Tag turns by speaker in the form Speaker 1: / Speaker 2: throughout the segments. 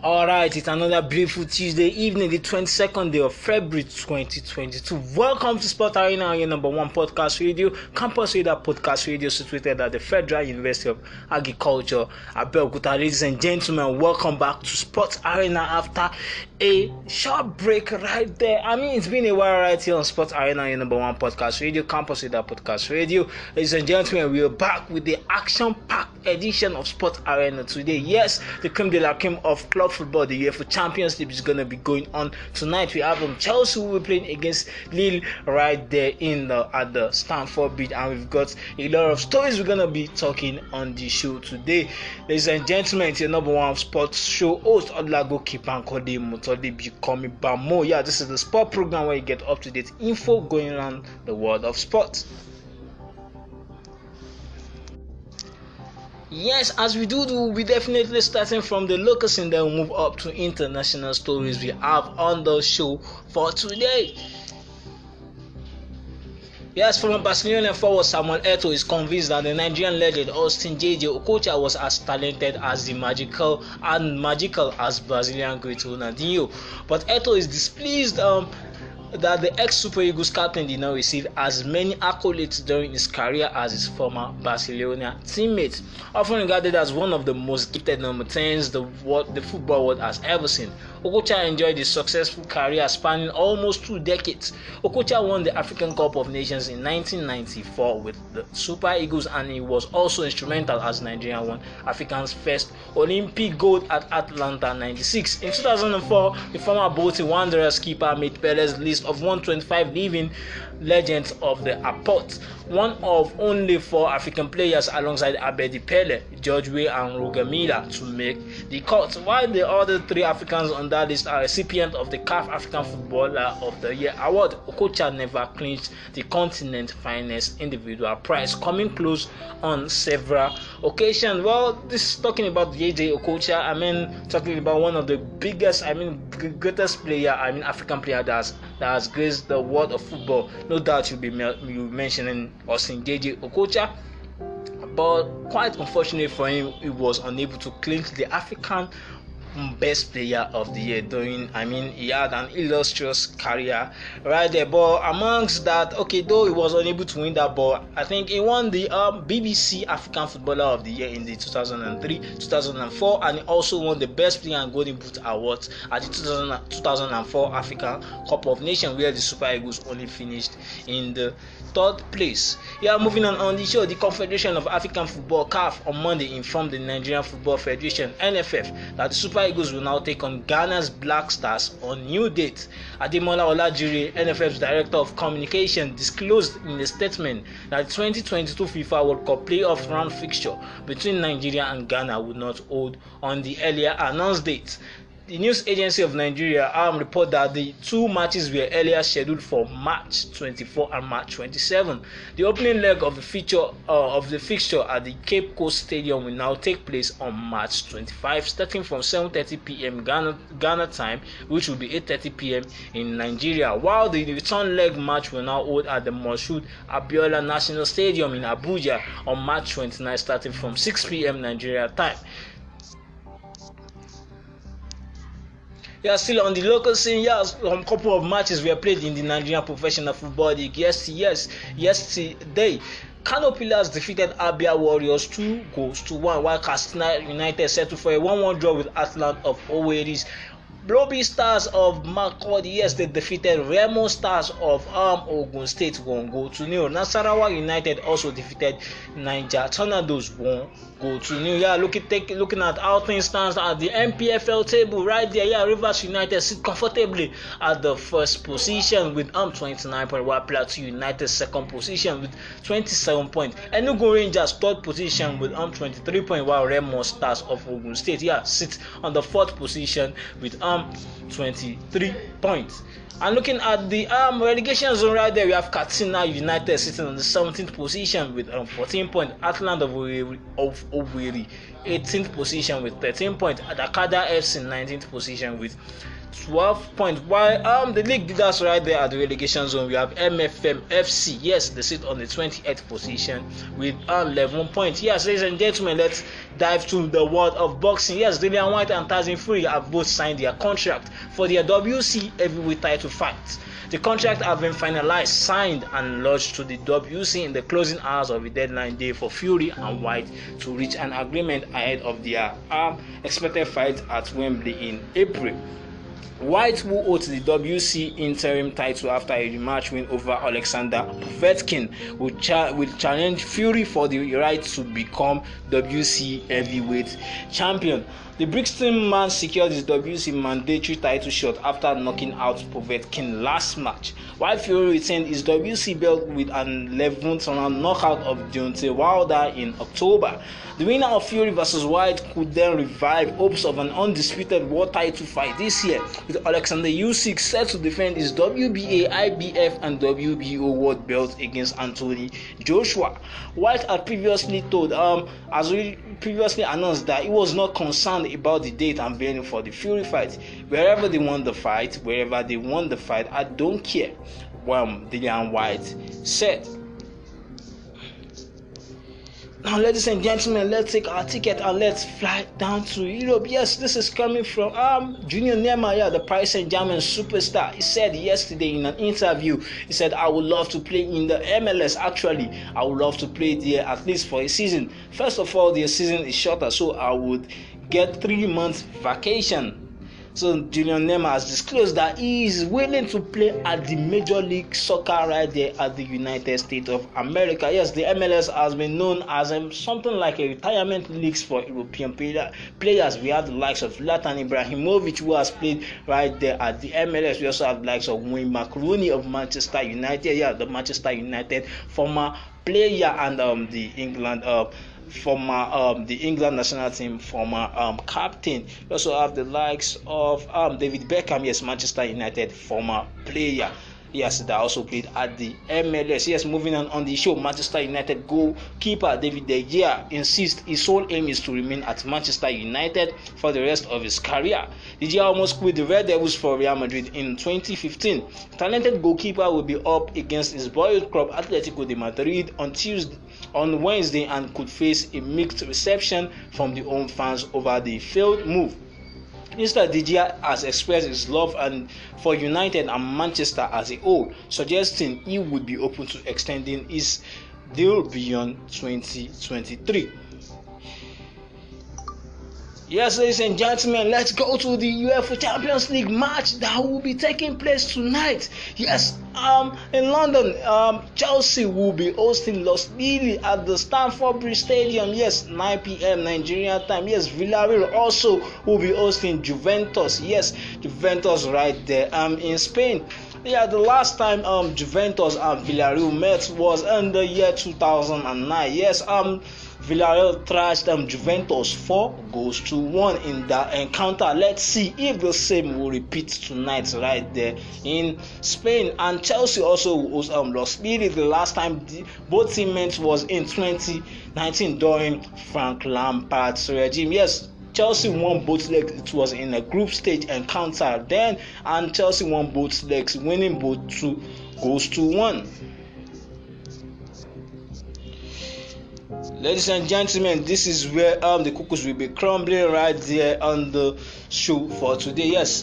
Speaker 1: All right, it's another beautiful Tuesday evening, the 22nd day of February 2022. Welcome to Sport Arena, your number one podcast radio, campus radio podcast radio situated at the Federal University of Agriculture, Abeokuta. Ladies and gentlemen, welcome back to Sport Arena after a short break right there. I mean, it's been a while right here on Sport Arena, your number one podcast radio, campus radio podcast radio. Ladies and gentlemen, we are back with the action packed edition of Sport Arena today. Yes, the creme de la creme of club Football, the UEFA Champions League is going to be going on tonight. We have um, Chelsea who will be playing against Lille right there in the, at the Stamford Bridge, and we've got a lot of stories we're going to be talking on the show today. Ladies and gentlemen, it's your number one sports show host, Odlago Kipankode Mutode Bikomi Bamo. Yeah, this is the sport program where you get up to date info going around the world of sports. Yes, as we do, we'll be definitely starting from the locals and then move up to international stories we have on the show for today. Yes, from Barcelona forward Samuel Eto is convinced that the Nigerian legend Austin JJ Okocha was as talented as the magical and magical as Brazilian great Ronaldinho. But Eto is displeased um, that the ex Super Eagles captain did not receive as many accolades during his career as his former Barcelona teammate, often regarded as one of the most gifted number 10s the, world, the football world has ever seen. Okocha enjoyed a successful career spanning almost two decades. Okocha won the African Cup of Nations in 1994 with the Super Eagles, and he was also instrumental as Nigeria won Africa's first Olympic gold at Atlanta 96. In 2004, the former Bolton Wanderers keeper made Pele's list list of 125 living legends of the apart one of only four African players alongside Abedi Pele, George Way, and Roger Miller to make the cut, while the other three Africans on that list are recipients of the CAF African Footballer of the Year award. Okocha never clinched the continent's finest individual prize, coming close on several occasions. Well, this talking about JJ Okocha, I mean, talking about one of the biggest, I mean, greatest player, I mean, African player that has, that has graced the world of football. No doubt you'll be, you'll be mentioning Austin Deji Okocha. But quite unfortunate for him, he was unable to clinch the African best player of the year doing i mean he had an illustrious career right there but amongst that okay though he was unable to win that ball, i think he won the um, bbc african footballer of the year in the 2003 2004 and he also won the best player and golden boot awards at the 2004 african cup of nations where the super eagles only finished in the third place yeah moving on on the show the confederation of african football caf on monday informed the nigerian football federation nff that the super Eagles will now take on Ghana's Black Stars on new date. Ademola Olajire, NFF's Director of Communication, disclosed in a statement that the 2022 FIFA World Cup playoff round fixture between Nigeria and Ghana would not hold on the earlier announced date. the news agency of Nigeria um, report that the two matches were earlier scheduled for March 24 and March 27. The opening leg of the feature uh, of the fixture at the Cape Coast Stadium will now take place on March 25, starting from 7:30 p.m. Ghana, Ghana time, which will be 8:30 p.m. in Nigeria. While the return leg match will now hold at the Moshood Abiola National Stadium in Abuja on March 29, starting from 6 p.m. Nigeria time. You are still on the local scene. Yes, a couple of matches were played in the Nigerian Professional Football League. Yes, yes, yesterday. Kano Pillars defeated Abia Warriors two goals to one, while Katsina United settled for a one-one draw with Atlant of Owerri. Bloby Stars of Makurdi, yes, they defeated Remo Stars of Arm um, Ogun State 1 goal to nil. Nasarawa United also defeated Niger Tornadoes 1 goal to nil. Yeah, looking, take, looking at how things stands at the MPFL table right there. Yeah, Rivers United sit comfortably at the first position with Arm um, 29.1, while Plateau United second position with 27 points. Enugu Rangers third position with Arm um, 23 points, while Remo Stars of Ogun State, yeah, sit on the fourth position with Arm Fulham 23 points. And looking at the um, relegation zone right there, we have Katina United sitting on the 17th position with um, 14 points. Atlanta of Owerri 18th position with 13 points. Dakada FC 19th position with 12 points. While um, the league leaders right there at the relegation zone, we have MFM FC. Yes, they sit on the 28th position with um, uh, 11 points. Yes, ladies and gentlemen, let's dive to the world of boxing. Yes, Dillian White and Tyson Fury have both signed their contract for their WC heavyweight title fight. The contract have been finalized, signed, and lodged to the WC in the closing hours of the deadline day for Fury and White to reach an agreement ahead of their uh, expected fight at Wembley in April. White, who holds the WC interim title after a rematch win over Alexander Povetkin, will, cha- will challenge Fury for the right to become WC heavyweight champion. The Brixton man secured his WC mandatory title shot after knocking out Povetkin last match, while Fury retained his WC belt with an 11th round knockout of Deontay Wilder in October. The winner of Fury vs. White could then revive hopes of an undisputed world title fight this year, with Alexander Usyk set to defend his WBA, IBF, and WBO world belts against Anthony Joshua. White had previously told, um, as we previously announced, that he was not concerned about the date I'm for the Fury fight. Wherever they want the fight, wherever they want the fight, I don't care. Well, Dillian White said. Now, ladies and gentlemen, let's take our ticket and let's fly down to Europe. Yes, this is coming from um, Junior Nehemiah, the Paris Saint Germain superstar. He said yesterday in an interview, he said, I would love to play in the MLS. Actually, I would love to play there at least for a season. First of all, the season is shorter, so I would get three months vacation So Julian Nema has disclosed that he is willing to play at the Major League Soccer right there at the United States of America. Yes, the MLS has been known as um, something like a retirement league for European players. We have the likes of Latin Ibrahimovic who has played right there at the MLS. We also have the likes of Wayne Macaroni of Manchester United. Yeah, the Manchester United former player and um, the England. Uh, former um, the England national team former um, captain. We also have the likes of um, David Beckham, yes, Manchester United former player. Yes, that also played at the MLS. Yes, moving on on the show, Manchester United goalkeeper David De Gea insists his sole aim is to remain at Manchester United for the rest of his career. De Gea almost quit the Red Devils for Real Madrid in 2015. Talented goalkeeper will be up against his boyhood club Atletico de Madrid on Tuesday on Wednesday and could face a mixed reception from the home fans over the failed move. Mr. Didier has expressed his love and for United and Manchester as a whole, suggesting he would be open to extending his deal beyond 2023. Yes, ladies and gentlemen, let's go to the UEFA Champions League match that will be taking place tonight. Yes, um, in London, um, Chelsea will be hosting Los Lille at the Stamford Bridge Stadium. Yes, 9 p.m. Nigerian time. Yes, Villarreal also will be hosting Juventus. Yes, Juventus right there. Um, in Spain. Yeah, the last time um Juventus and Villarreal met was in the year 2009. Yes, um Villarreal thrashed them Juventus 4 goals to 1 in that encounter. Let's see if the same will repeat tonight, right there in Spain. And Chelsea also was um, lost. Really, the last time the, both teammates was in 2019 during Frank Lampard's regime. Yes, Chelsea won both legs. It was in a group stage encounter then, and Chelsea won both legs, winning both two goals to one. Ladies and gentlemen, this is where um, the cookies will be crumbling right there on the show for today. Yes,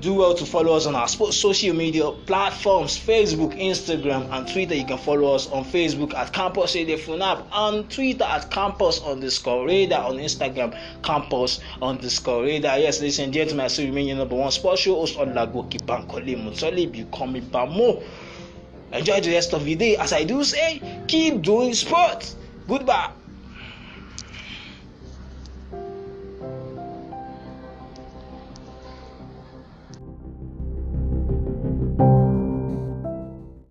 Speaker 1: do well to follow us on our social media platforms Facebook, Instagram, and Twitter. You can follow us on Facebook at Campus Radio and on Twitter at Campus underscore radar, on Instagram, Campus underscore radar. Yes, ladies and gentlemen, I still remain your number one sports show host on Lagoki Bankole Mutoli. Become Bamo. Enjoy the rest of your day. As I do say, keep doing sports. Goodbye.